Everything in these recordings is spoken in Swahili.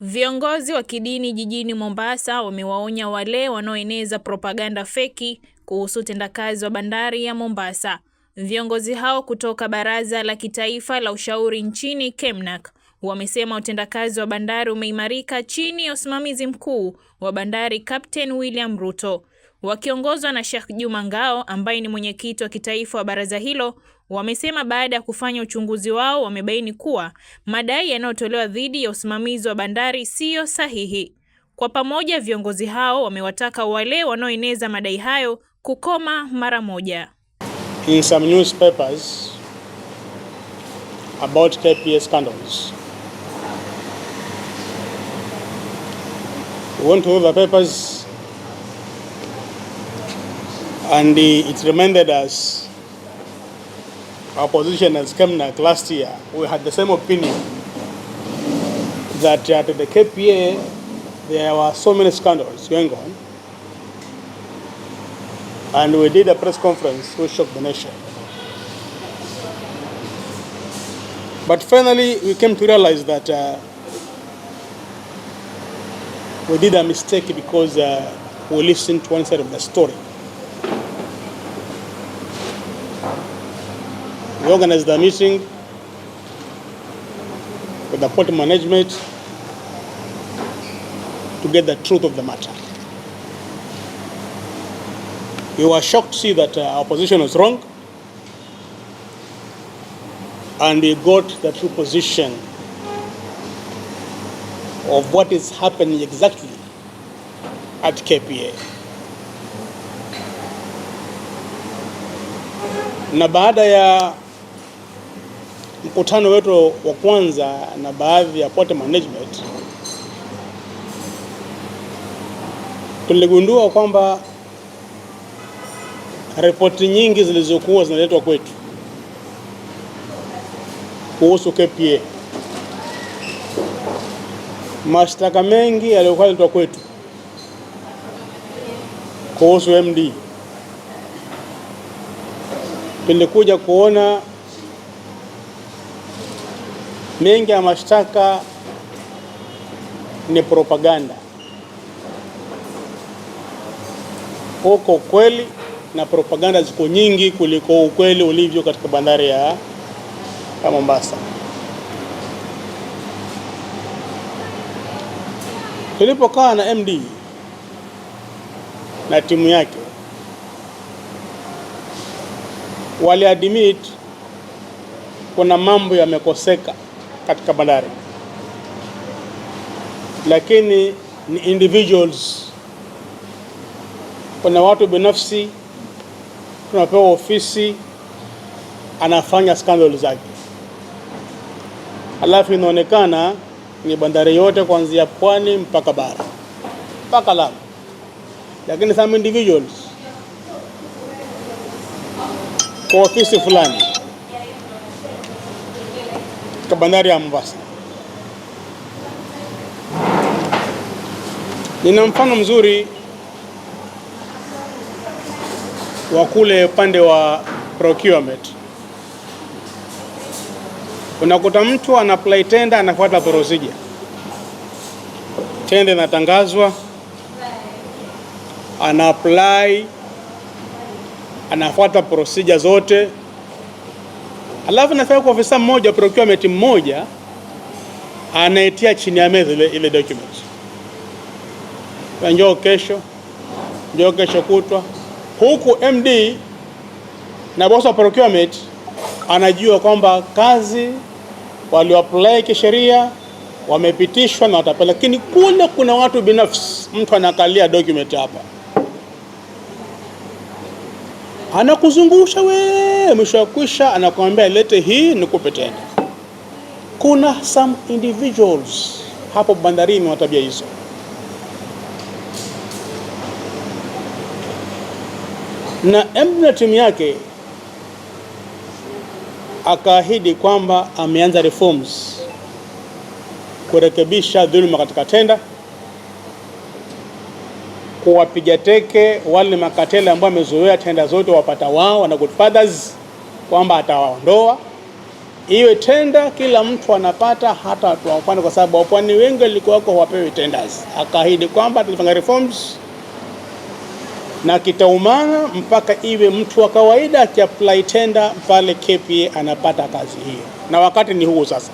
Viongozi wa kidini jijini Mombasa wamewaonya wale wanaoeneza propaganda feki kuhusu utendakazi wa bandari ya Mombasa. Viongozi hao kutoka Baraza la Kitaifa la Ushauri nchini KEMNAK wamesema utendakazi wa bandari umeimarika chini ya usimamizi mkuu wa bandari Captain William Ruto. Wakiongozwa na Sheikh Juma Ngao ambaye ni mwenyekiti wa kitaifa wa baraza hilo, Wamesema baada ya kufanya uchunguzi wao wamebaini kuwa madai yanayotolewa dhidi ya usimamizi wa bandari siyo sahihi. Kwa pamoja, viongozi hao wamewataka wale wanaoeneza madai hayo kukoma mara moja. In some newspapers about scandals. We went through the papers and it reminded us opposition has come back last year, we had the same opinion that at the KPA there were so many scandals going on. And we did a press conference which shocked the nation. But finally, we came to realize that uh, we did a mistake because uh, we listened to one side of the story. We organized a meeting with the port management to get the truth of the matter. We were shocked to see that uh, our position was wrong and we got the true position of what is happening exactly at KPA. Na baada ya mkutano wetu wa kwanza na baadhi ya port management, tuligundua kwamba ripoti nyingi zilizokuwa zinaletwa kwetu kuhusu KPA, mashtaka mengi yaliyokuwa yanaletwa kwetu kuhusu MD, tulikuja kuona mengi ya mashtaka ni propaganda, huko ukweli na propaganda ziko nyingi kuliko ukweli ulivyo katika bandari ya Mombasa. Tulipokaa na MD na timu yake, waliadmit kuna mambo yamekoseka katika bandari, lakini ni individuals. Kuna watu binafsi tunapewa ofisi, anafanya scandal zake, alafu inaonekana ni bandari yote kuanzia pwani mpaka bara mpaka Lamu, lakini some individuals kwa ofisi fulani katika bandari ya Mombasa. Nina mfano mzuri wa kule upande wa procurement. Unakuta mtu ana apply tender, anafuata procedure. Tenda inatangazwa, ana apply, anafuata procedure zote alafu nafaa kwa ofisa mmoja procurement mmoja anaetia chini ya meza ile, ile document njoo kesho, njoo kesho kutwa, huku MD na boss wa procurement anajua kwamba kazi walioapply kisheria wamepitishwa na watapela, lakini kule kuna watu binafsi, mtu anakalia document hapa anakuzungusha we, mwisho wa kwisha anakuambia lete hii nikupe tena. Kuna some individuals hapo bandarini watabia hizo. Na Embu na timu yake akaahidi kwamba ameanza reforms kurekebisha dhuluma katika tenda kuwapiga teke wale makatela ambao wamezoea tenda zote wapata wao na godfathers kwamba atawaondoa iwe tenda, kila mtu anapata, hata watu wa pwani, kwa sababu wapwani wengi walikuwa wako hawapewi tenders. Akaahidi kwamba tulifanya reforms na kitaumana mpaka iwe mtu wa kawaida akiapply tenda pale KPA anapata kazi hiyo, na wakati ni huu sasa,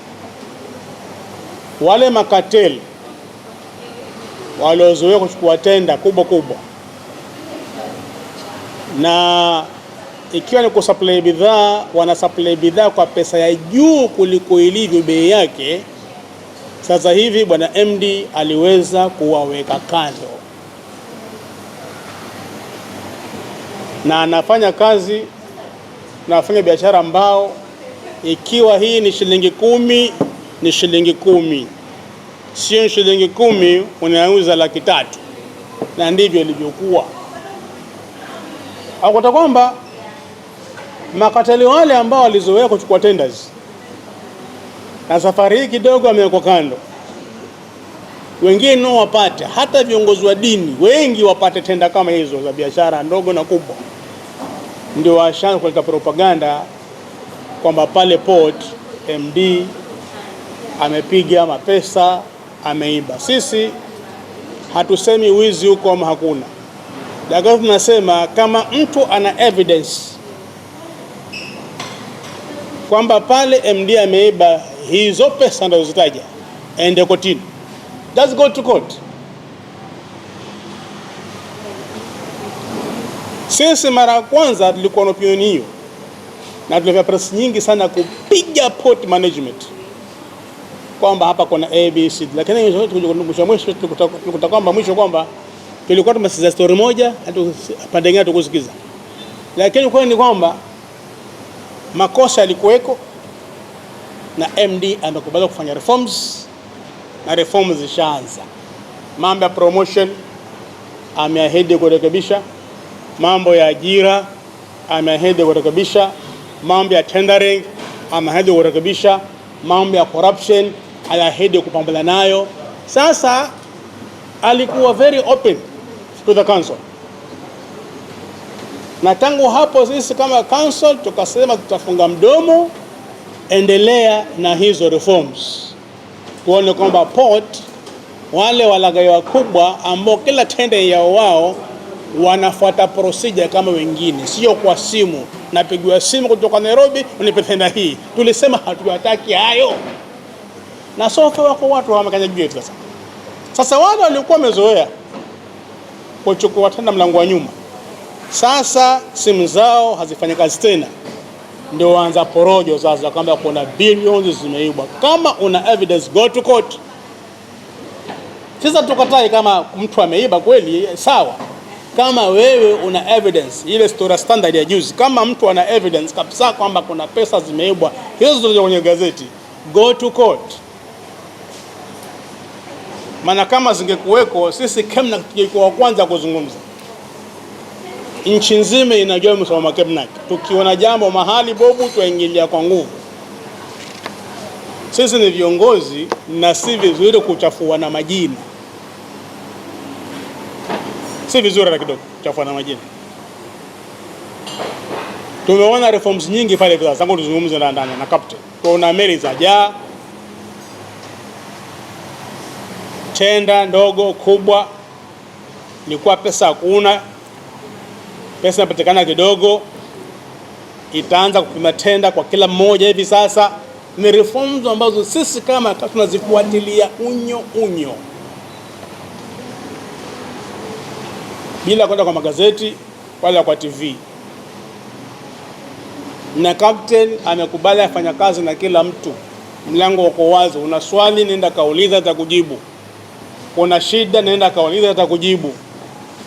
wale makateli waliozoea kuchukua tenda kubwa kubwa, na ikiwa ni kusupply bidhaa, supply bidhaa kwa pesa ya juu kuliko ilivyo bei yake. Sasa hivi bwana MD aliweza kuwaweka kando na anafanya kazi na wafanya biashara ambao ikiwa hii ni shilingi kumi ni shilingi kumi sio shilingi kumi unauza laki tatu, na ndivyo ilivyokuwa. Akuta kwamba makatali wale ambao walizoea kuchukua tenders na safari hii kidogo amewekwa kando, wengine nao wapate. Hata viongozi wa dini wengi wapate tenda kama hizo za biashara ndogo na kubwa, ndio washaanza kuleta propaganda kwamba pale port MD amepiga mapesa ameiba. Sisi hatusemi wizi huko ama hakuna, lakini tunasema kama mtu ana evidence kwamba pale MD ameiba hizo pesa ndazozitaja, ende kotini, let's go to court. Sisi mara ya kwanza tulikuwa na opinioni hiyo, na tulivya press nyingi sana kupiga port management kwamba hapa kuna ABC, lakini mwisho mwisho tulikuta kwamba mwisho kwamba tulikuwa tumesikiza story moja, pande nyingine tukusikiza. Lakini kweli ni kwamba makosa yalikuweko na MD amekubali kufanya reforms na reforms zishaanza. Mambo ya promotion ameahidi kurekebisha, mambo ya ajira ameahidi kurekebisha, mambo ya tendering ameahidi kurekebisha, mambo ya corruption aliahidi kupambana nayo. Sasa alikuwa very open to the council, na tangu hapo sisi kama council tukasema tutafunga mdomo, endelea na hizo reforms, tuone kwamba port wale walagai wakubwa ambao kila tende yao wao wanafuata procedure kama wengine, sio kwa simu. Napigiwa simu kutoka Nairobi, unipe tenda hii. Tulisema hatuwataki hayo na soko wako watu wa juu yetu sasa. Sasa wale walikuwa wamezoea kuchukua tena mlango wa nyuma, sasa simu zao hazifanyi kazi tena, ndio waanza porojo sasa, kwamba kuna billions zimeibwa. Kama una evidence go to court. Sasa tukatai kama mtu ameiba kweli, sawa. Kama wewe una evidence, ile story standard ya juzi, kama mtu ana evidence kabisa kwamba kuna pesa zimeibwa, hizo zilizo kwenye gazeti, go to court maana kama zingekuweko sisi Kemnak tungekuwa wa kwanza kuzungumza. Nchi nzima inajua msimamo Kemnak. Tukiona jambo mahali bobu, tuingilia kwa nguvu. Sisi ni viongozi na si vizuri kuchafua na majina, si vizuri hata kidogo kuchafua na majina. Tumeona reforms nyingi pale tangu tuzungumze na ndani na captain, tuona meli za jaa tenda ndogo kubwa, ilikuwa pesa hakuna, pesa inapatikana kidogo. Itaanza kupima tenda kwa kila mmoja hivi sasa. Ni reforms ambazo sisi kama tunazifuatilia unyo unyo, bila kwenda kwa magazeti wala kwa TV, na captain amekubali afanya kazi na kila mtu. Mlango uko wazi, una swali nenda kauliza, za kujibu una shida, nenda kauliza, atakujibu.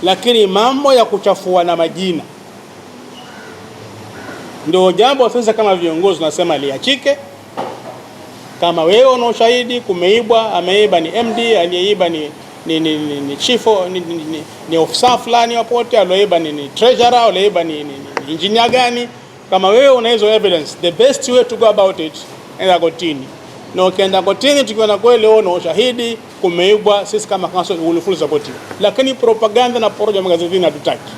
Lakini mambo ya kuchafua na majina ndio jambo sasa, kama viongozi nasema liachike. Kama wewe una ushahidi kumeibwa, ameiba ni MD, aliyeiba ni ni ni, ni, ni chifo ni, ni, ni, ni ofisa fulani wapote, alioiba ni, ni treasurer, alioiba ni, ni, ni engineer gani? Kama wewe una hizo evidence, the best way to go about it, enda kotini na ukienda kotini tukiwa na kweli na ushahidi kumeibwa, sisi kama council will fully lakini propaganda na porojo magazetini hatutaki.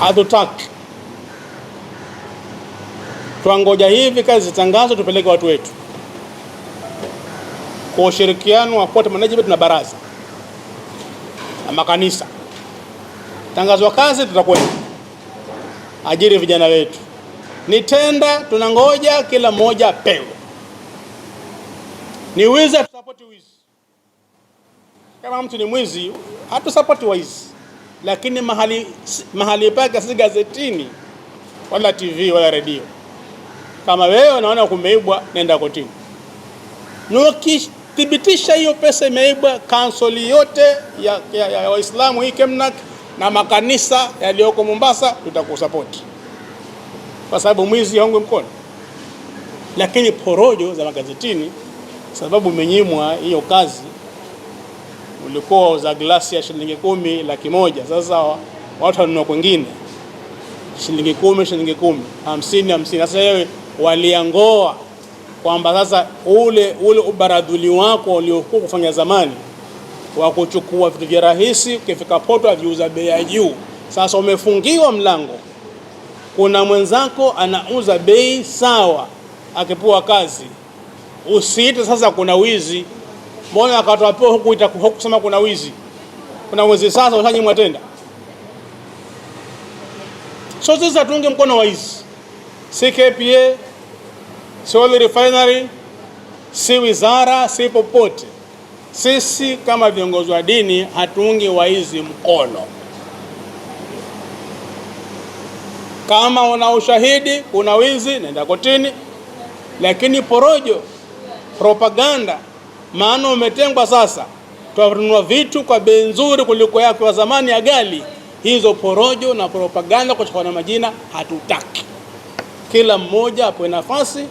Hatutaki, twangoja hivi kazi zitangazwe, tupeleke watu wetu kwa ushirikiano wa court management na baraza na makanisa. Tangazo kazi, tutakwenda ajiri vijana wetu ni tenda, tunangoja kila mmoja apewe. Ni wizi, hatusapoti wizi. Kama mtu ni mwizi, hatusapoti wizi, lakini mahali, mahali pake si gazetini wala TV wala redio. Kama wewe unaona kumeibwa, nenda kotini. Na hiyo pesa imeibwa, kansoli yote ya Waislamu hii Kemnak na makanisa yaliyoko Mombasa tutakusapoti kwa sababu mwizi haungwi mkono, lakini porojo za magazetini, sababu umenyimwa hiyo kazi, ulikuwa uza glasi ya shilingi kumi laki moja, sasa watu wanunua kwengine shilingi kumi shilingi kumi hamsini hamsini. Sasa wewe waliangoa kwamba sasa ule ule ubaradhuli wako uliokuwa kufanya zamani wa kuchukua vitu vya rahisi, ukifika poto aviuza bei ya juu, sasa umefungiwa mlango kuna mwenzako anauza bei sawa, akipewa kazi, usiite sasa kuna wizi. Mbona akatwapewa hukuita hukusema kuna wizi? Kuna wizi sasa, ushaji mwatenda. So sisi hatuunge mkono wa hizi si KPA si oil refinery si wizara si popote. Sisi kama viongozi wa dini hatuungi waizi mkono. Kama una ushahidi kuna wizi, nenda kotini. Lakini porojo, propaganda, maana umetengwa sasa, tunanunua vitu kwa bei nzuri kuliko yako wa zamani ya gali. Hizo porojo na propaganda na majina hatutaki. Kila mmoja apewe nafasi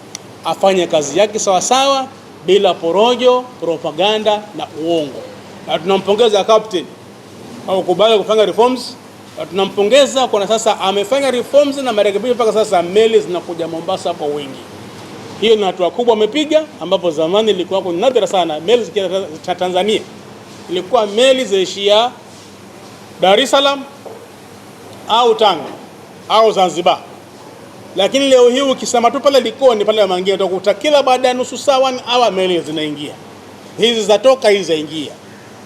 afanye kazi yake sawasawa, bila porojo, propaganda na uongo. Na tunampongeza captain au kubali kufanya reforms tunampongeza kwa sasa amefanya reforms na marekebisho mpaka sasa meli zinakuja Mombasa kwa wingi. Hiyo ni hatua kubwa amepiga, ambapo zamani ilikuwa kuna nadra sana meli za Tanzania, ilikuwa meli zaishia Dar es Salaam au Tanga au Zanzibar, lakini leo hii ukisema tu pale Likoni pale Mangia utakuta kila baada ya nusu saa au meli zinaingia, hizi zatoka, hizi zaingia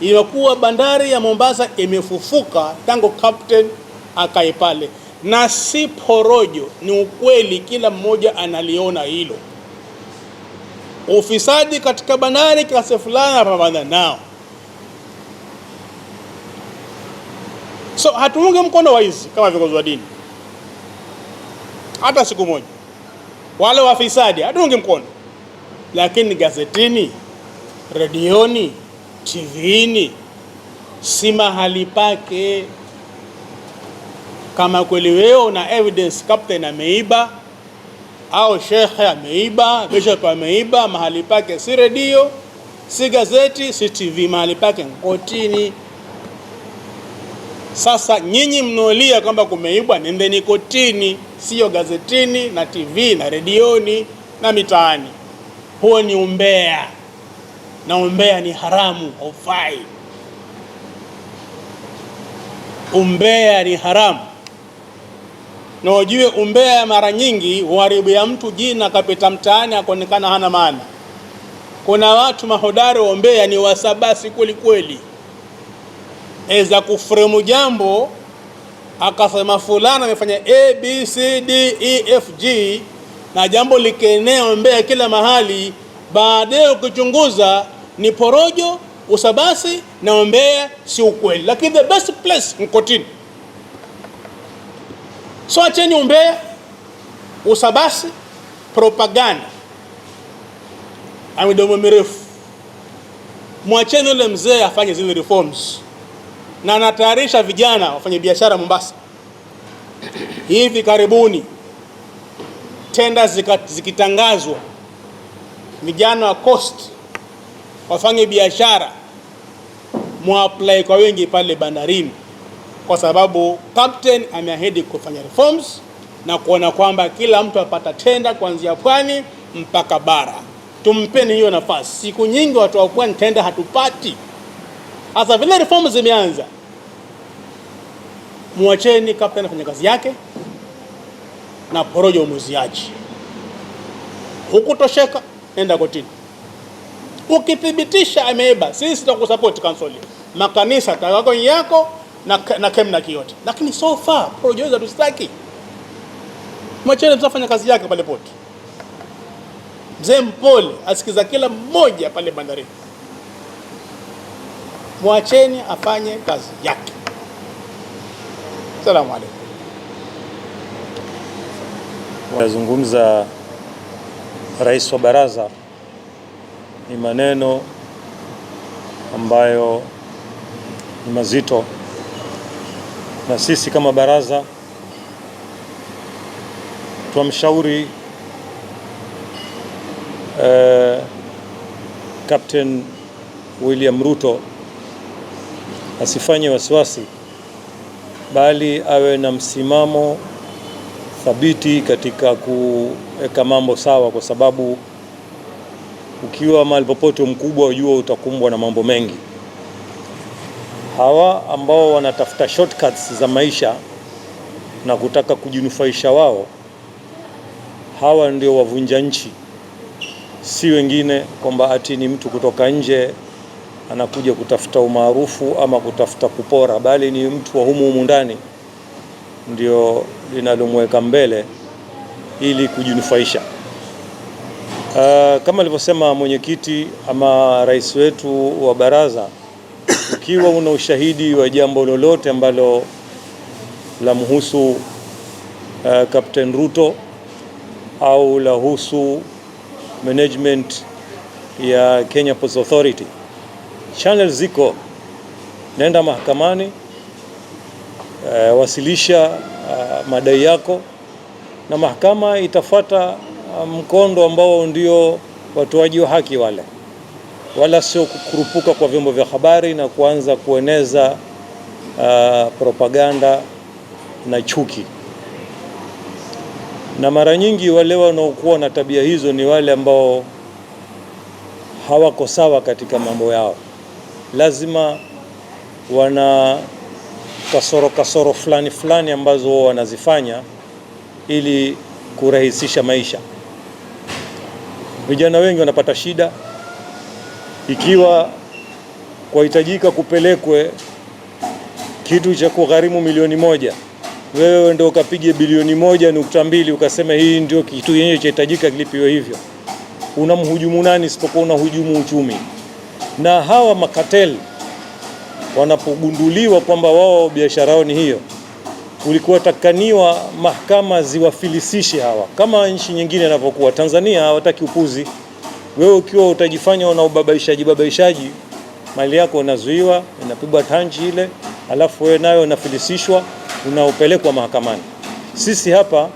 imekuwa bandari ya Mombasa imefufuka tangu captain akae pale, na si porojo, ni ukweli, kila mmoja analiona hilo. Ufisadi katika bandari kiasi fulani anapambana nao, so hatuunge mkono waizi kama viongozi wa dini hata siku moja, wale wafisadi hatuunge mkono, lakini gazetini, redioni TVini si mahali pake. Kama kweli wewe una evidence captain ameiba au shekhe ameiba, bishop ameiba, mahali pake si redio, si gazeti, si TV, mahali pake kotini. Sasa nyinyi mnaolia kwamba kumeibwa, nendeni kotini, siyo gazetini na TV na redioni na mitaani. Huo ni umbea na umbea ni haramu, haufai. Umbea ni haramu, na ujue umbea mara nyingi huharibu ya mtu jina, akapita mtaani akaonekana hana maana. Kuna watu mahodari wa umbea ni wasabasi kweli kweli, eza kufremu jambo akasema fulana amefanya a b c d e f g, na jambo likienea umbea kila mahali, baadaye ukichunguza ni porojo, usabasi na umbea, si ukweli. Lakini the best place Mkotini. So acheni umbea, usabasi, propaganda na midomo mirefu. Mwacheni yule mzee afanye zile reforms, na anatayarisha vijana wafanye biashara Mombasa. Hivi karibuni tenda zikatangazwa, vijana wa coast wafanye biashara, muapply kwa wengi pale bandarini, kwa sababu captain ameahidi kufanya reforms na kuona kwamba kila mtu apata tenda kuanzia pwani mpaka bara. Tumpeni hiyo nafasi. Siku nyingi watu wa pwani tenda hatupati. hasa vile reforms zimeanza, muacheni captain afanye kazi yake na porojo umuziaji. Hukutosheka, enda kotini. Ukithibitisha ameiba, sisi tutakusupport kansoli, makanisa tawako yako na, na kemna kiyote, lakini so far project tusitaki. Mwachele tutafanya kazi yake pale poti. Mzee mpole asikiza kila mmoja pale bandarini, mwacheni afanye kazi yake. Salamu alaykum. Nazungumza rais wa baraza ni maneno ambayo ni mazito, na sisi kama baraza twamshauri eh, Captain William Ruto asifanye wasiwasi, bali awe na msimamo thabiti katika kuweka mambo sawa kwa sababu ukiwa mahali popote mkubwa, ujua utakumbwa na mambo mengi. Hawa ambao wanatafuta shortcuts za maisha na kutaka kujinufaisha wao, hawa ndio wavunja nchi, si wengine, kwamba ati ni mtu kutoka nje anakuja kutafuta umaarufu ama kutafuta kupora, bali ni mtu wa humu humu ndani ndio linalomweka mbele ili kujinufaisha. Uh, kama alivyosema mwenyekiti ama rais wetu wa baraza, ukiwa una ushahidi wa jambo lolote ambalo lamhusu uh, Captain Ruto au lahusu management ya Kenya Ports Authority, channel ziko, nenda mahakamani, uh, wasilisha uh, madai yako na mahakama itafuata Ah, mkondo ambao ndio watoaji wa haki wale, wala sio kukurupuka kwa vyombo vya habari na kuanza kueneza uh, propaganda na chuki. Na mara nyingi wale wanaokuwa na tabia hizo ni wale ambao hawako sawa katika mambo yao, lazima wana kasoro kasoro fulani fulani ambazo wanazifanya ili kurahisisha maisha vijana wengi wanapata shida, ikiwa kwahitajika kupelekwe kitu cha kugharimu milioni moja, wewe ndio ukapige bilioni moja nukta mbili ukasema hii ndio kitu yenyewe chahitajika kilipiwe hivyo, unamhujumu nani isipokuwa unahujumu uchumi. Na hawa makateli wanapogunduliwa kwamba wao biashara yao ni hiyo ulikuwa takaniwa mahakama ziwafilisishe hawa, kama nchi nyingine inavyokuwa. Tanzania hawataki upuzi. Wewe ukiwa utajifanya una ubabaishaji babaishaji, mali yako inazuiwa, inapigwa tanji ile, alafu wewe nayo unafilisishwa, unaopelekwa mahakamani. Sisi hapa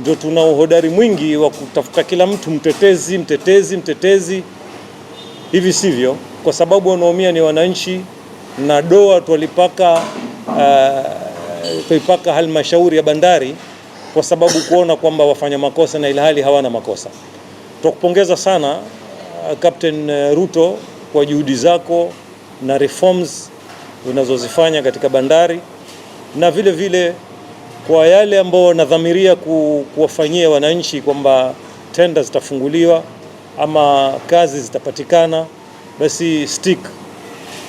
ndio tuna uhodari mwingi wa kutafuta kila mtu mtetezi, mtetezi, mtetezi. Hivi sivyo, kwa sababu wanaumia ni wananchi, na doa twalipaka uh, kuipaka halmashauri ya bandari kwa sababu kuona kwamba wafanya makosa na ilhali hawana makosa. Tukupongeza sana uh, Captain uh, Ruto kwa juhudi zako na reforms unazozifanya katika bandari na vile vile kwa yale ambao wanadhamiria kuwafanyia wananchi kwamba tenda zitafunguliwa ama kazi zitapatikana, basi stick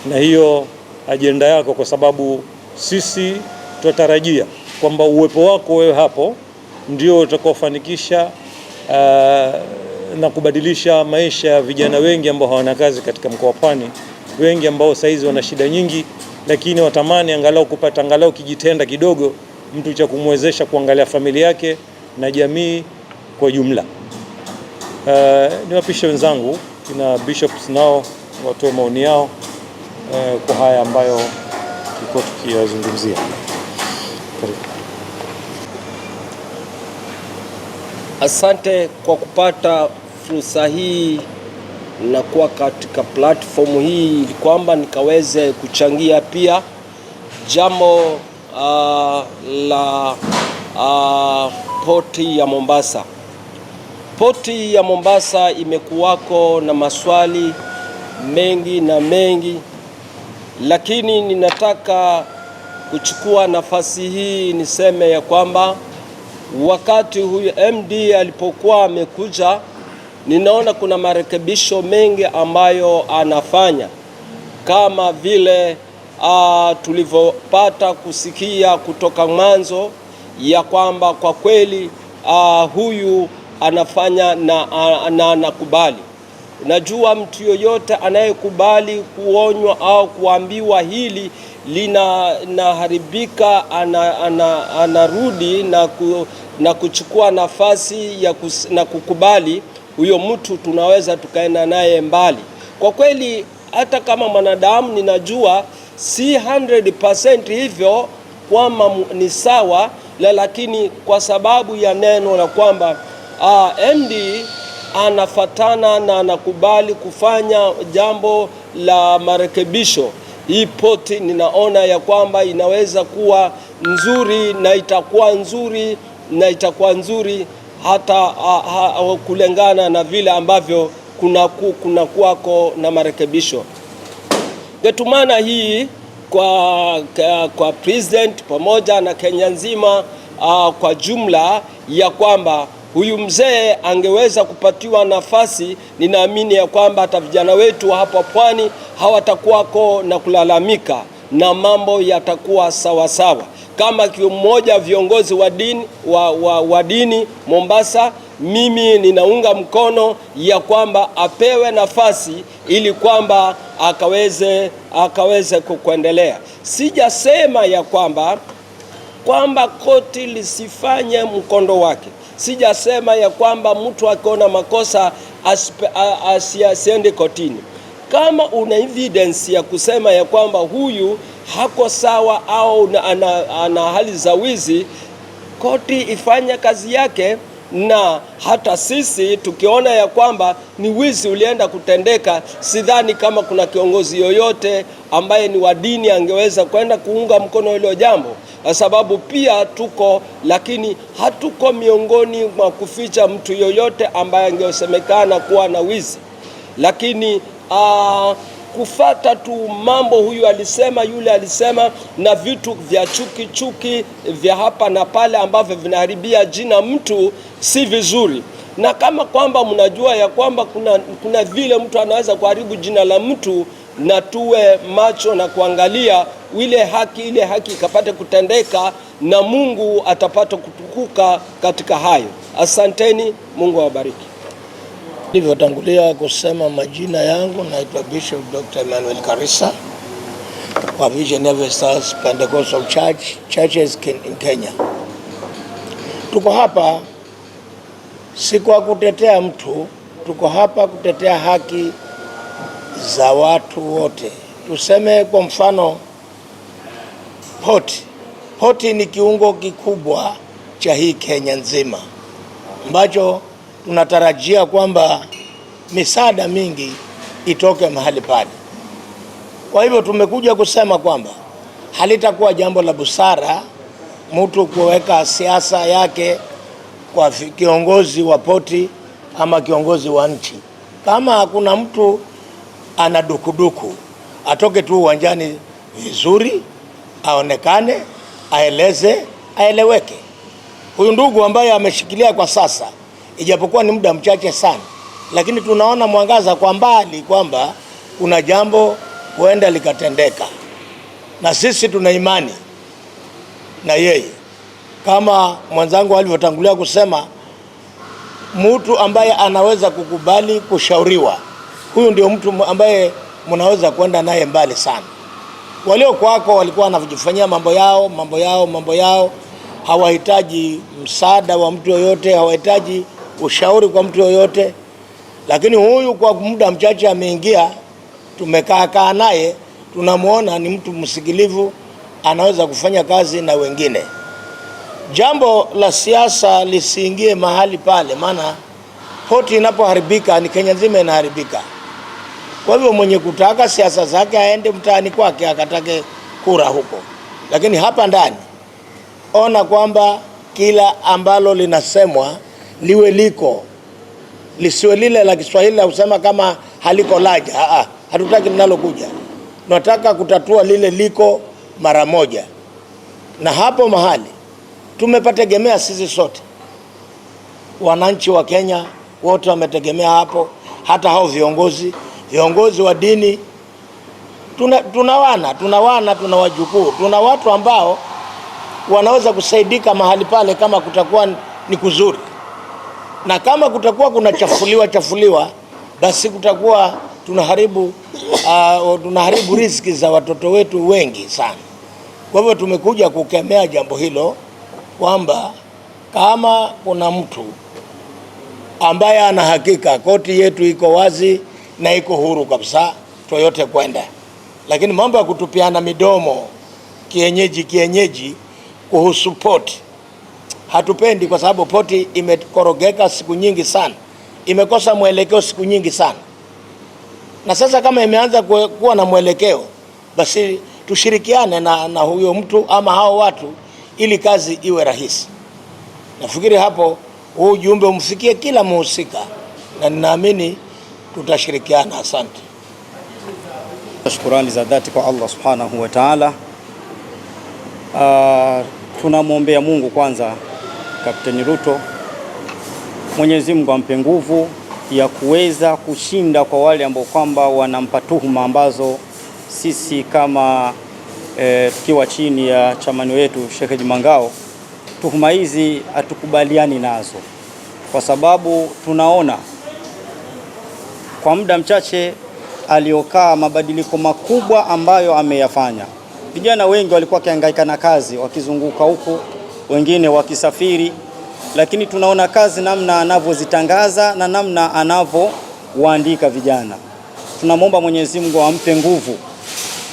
na hiyo ajenda yako, kwa sababu sisi tunatarajia kwamba uwepo wako wewe hapo ndio utakaofanikisha uh, na kubadilisha maisha ya vijana wengi ambao hawana kazi katika mkoa wa Pwani, wengi ambao saizi wana shida nyingi, lakini watamani angalau kupata angalau kijitenda kidogo, mtu cha kumwezesha kuangalia familia yake na jamii kwa jumla. Uh, niwapishe wenzangu kina bishops nao watoe maoni yao uh, kwa haya ambayo tulikuwa tukiyazungumzia. Asante kwa kupata fursa hii na kuwa katika platform hii ili kwamba nikaweze kuchangia pia jambo uh, la uh, poti ya Mombasa. Poti ya Mombasa imekuwako na maswali mengi na mengi, lakini ninataka kuchukua nafasi hii niseme ya kwamba wakati huyu MD alipokuwa amekuja, ninaona kuna marekebisho mengi ambayo anafanya kama vile uh, tulivyopata kusikia kutoka mwanzo ya kwamba kwa kweli uh, huyu anafanya na anakubali. Unajua, mtu yoyote anayekubali kuonywa au kuambiwa hili linaharibika ana, ana, anarudi na, ku, na kuchukua nafasi ya kus, na kukubali huyo mtu tunaweza tukaenda naye mbali. Kwa kweli hata kama mwanadamu ninajua si 100% hivyo kwamba ni sawa la, lakini kwa sababu ya neno la kwamba uh, MD anafatana na anakubali kufanya jambo la marekebisho. Hii poti ninaona ya kwamba inaweza kuwa nzuri na itakuwa nzuri na itakuwa nzuri hata ha, ha, kulingana na vile ambavyo kuna kuwako na marekebisho getumana hii kwa, kwa president pamoja na Kenya nzima uh, kwa jumla ya kwamba huyu mzee angeweza kupatiwa nafasi, ninaamini ya kwamba hata vijana wetu hapa pwani hawatakuwako na kulalamika na mambo yatakuwa sawasawa. Kama mmoja viongozi wa dini, wa, wa, wa dini Mombasa, mimi ninaunga mkono ya kwamba apewe nafasi ili kwamba akaweze akaweze kuendelea. Sijasema ya kwamba kwamba koti lisifanye mkondo wake Sijasema ya kwamba mtu akiona makosa asiende kotini. Kama una evidence ya kusema ya kwamba huyu hako sawa au ana, ana hali za wizi, koti ifanye kazi yake, na hata sisi tukiona ya kwamba ni wizi ulienda kutendeka, sidhani kama kuna kiongozi yoyote ambaye ni wa dini angeweza kwenda kuunga mkono hilo jambo kwa sababu pia tuko lakini hatuko miongoni mwa kuficha mtu yoyote ambaye angeosemekana kuwa na wizi, lakini uh, kufata tu mambo huyu alisema yule alisema, na vitu vya chuki chuki vya hapa na pale ambavyo vinaharibia jina mtu si vizuri, na kama kwamba mnajua ya kwamba kuna, kuna vile mtu anaweza kuharibu jina la mtu na tuwe macho na kuangalia ile haki, ile haki ikapate kutendeka na Mungu atapata kutukuka katika hayo. Asanteni, Mungu awabariki. Nilivyotangulia kusema majina yangu, naitwa Bishop Dr. Emmanuel Karisa wa Vision Stars Pentecostal Church churches in Kenya. Tuko hapa si kwa kutetea mtu, tuko hapa kutetea haki za watu wote. Tuseme kwa mfano poti, poti ni kiungo kikubwa cha hii Kenya nzima ambacho tunatarajia kwamba misaada mingi itoke mahali pale. Kwa hivyo tumekuja kusema kwamba halitakuwa jambo la busara mtu kuweka siasa yake kwa kiongozi wa poti ama kiongozi wa nchi kama hakuna mtu ana dukuduku atoke tu uwanjani vizuri, aonekane, aeleze, aeleweke. Huyu ndugu ambaye ameshikilia kwa sasa, ijapokuwa ni muda mchache sana, lakini tunaona mwangaza kwa mbali kwamba kuna jambo huenda likatendeka, na sisi tuna imani na yeye. Kama mwenzangu alivyotangulia kusema, mtu ambaye anaweza kukubali kushauriwa huyu ndio mtu ambaye mnaweza kwenda naye mbali sana. Walio kwako walikuwa wanajifanyia mambo yao mambo yao mambo yao, hawahitaji msaada wa mtu yoyote, hawahitaji ushauri kwa mtu yoyote. Lakini huyu kwa muda mchache ameingia, tumekaa kaa naye, tunamwona ni mtu msikilivu, anaweza kufanya kazi na wengine. Jambo la siasa lisiingie mahali pale, maana poti inapoharibika ni Kenya nzima inaharibika. Kwa hivyo mwenye kutaka siasa zake aende mtaani kwake akatake kura huko, lakini hapa ndani ona kwamba kila ambalo linasemwa liwe liko, lisiwe lile la Kiswahili la kusema kama haliko laja. Aa, ah, ah, hatutaki linalokuja, tunataka kutatua lile liko mara moja, na hapo mahali tumepategemea sisi sote, wananchi wa Kenya wote wametegemea hapo, hata hao viongozi viongozi wa dini tuna, tuna wana tuna wana tuna wajukuu tuna watu ambao wanaweza kusaidika mahali pale, kama kutakuwa ni kuzuri, na kama kutakuwa kuna chafuliwa chafuliwa, basi kutakuwa tunaharibu uh, tunaharibu riziki za watoto wetu wengi sana. Kwa hivyo tumekuja kukemea jambo hilo kwamba kama kuna mtu ambaye ana hakika, koti yetu iko wazi na iko huru kabisa toyote kwenda, lakini mambo ya kutupiana midomo kienyeji kienyeji kuhusu poti hatupendi, kwa sababu poti imekorogeka siku nyingi sana, imekosa mwelekeo siku nyingi sana. Na sasa kama imeanza kuwa na mwelekeo, basi tushirikiane na, na huyo mtu ama hao watu ili kazi iwe rahisi. Nafikiri hapo huu ujumbe umfikie kila mhusika na ninaamini tutashirikiana. Asante. Shukurani za dhati kwa Allah subhanahu wa taala. Uh, tunamwombea Mungu kwanza Kapteni Ruto, Mwenyezi Mungu ampe nguvu ya kuweza kushinda kwa wale ambao kwamba wanampa tuhuma ambazo sisi kama e, tukiwa chini ya chamani wetu Sheikh Jimangao, tuhuma hizi hatukubaliani nazo, kwa sababu tunaona kwa muda mchache aliokaa, mabadiliko makubwa ambayo ameyafanya. Vijana wengi walikuwa wakihangaika na kazi, wakizunguka huku, wengine wakisafiri, lakini tunaona kazi namna anavyozitangaza na namna anavyowaandika vijana. Tunamwomba Mwenyezi Mungu ampe nguvu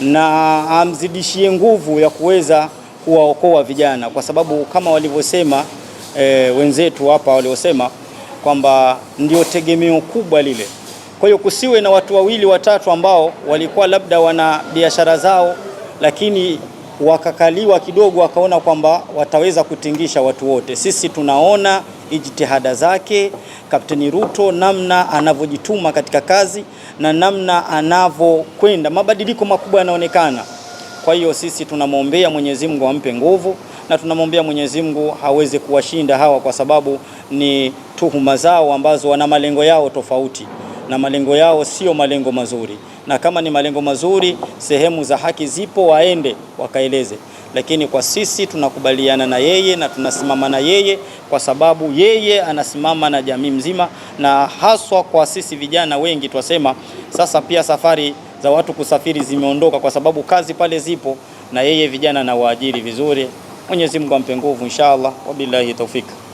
na amzidishie nguvu ya kuweza kuwaokoa vijana, kwa sababu kama walivyosema e, wenzetu hapa waliosema kwamba ndio tegemeo kubwa lile kwa hiyo kusiwe na watu wawili watatu ambao walikuwa labda wana biashara zao, lakini wakakaliwa kidogo, wakaona kwamba wataweza kutingisha watu wote. Sisi tunaona ijitihada zake Kapteni Ruto, namna anavyojituma katika kazi na namna anavyokwenda, mabadiliko makubwa yanaonekana. Kwa hiyo sisi tunamwombea Mwenyezi Mungu ampe nguvu na tunamwombea Mwenyezi Mungu aweze kuwashinda hawa, kwa sababu ni tuhuma zao ambazo wana malengo yao tofauti na malengo yao sio malengo mazuri, na kama ni malengo mazuri, sehemu za haki zipo, waende wakaeleze. Lakini kwa sisi tunakubaliana na yeye na tunasimama na yeye, kwa sababu yeye anasimama na jamii mzima, na haswa kwa sisi vijana wengi twasema, sasa pia safari za watu kusafiri zimeondoka, kwa sababu kazi pale zipo, na yeye vijana na waajiri vizuri. Mwenyezi Mungu ampe nguvu, inshallah. Wabillahi taufiki.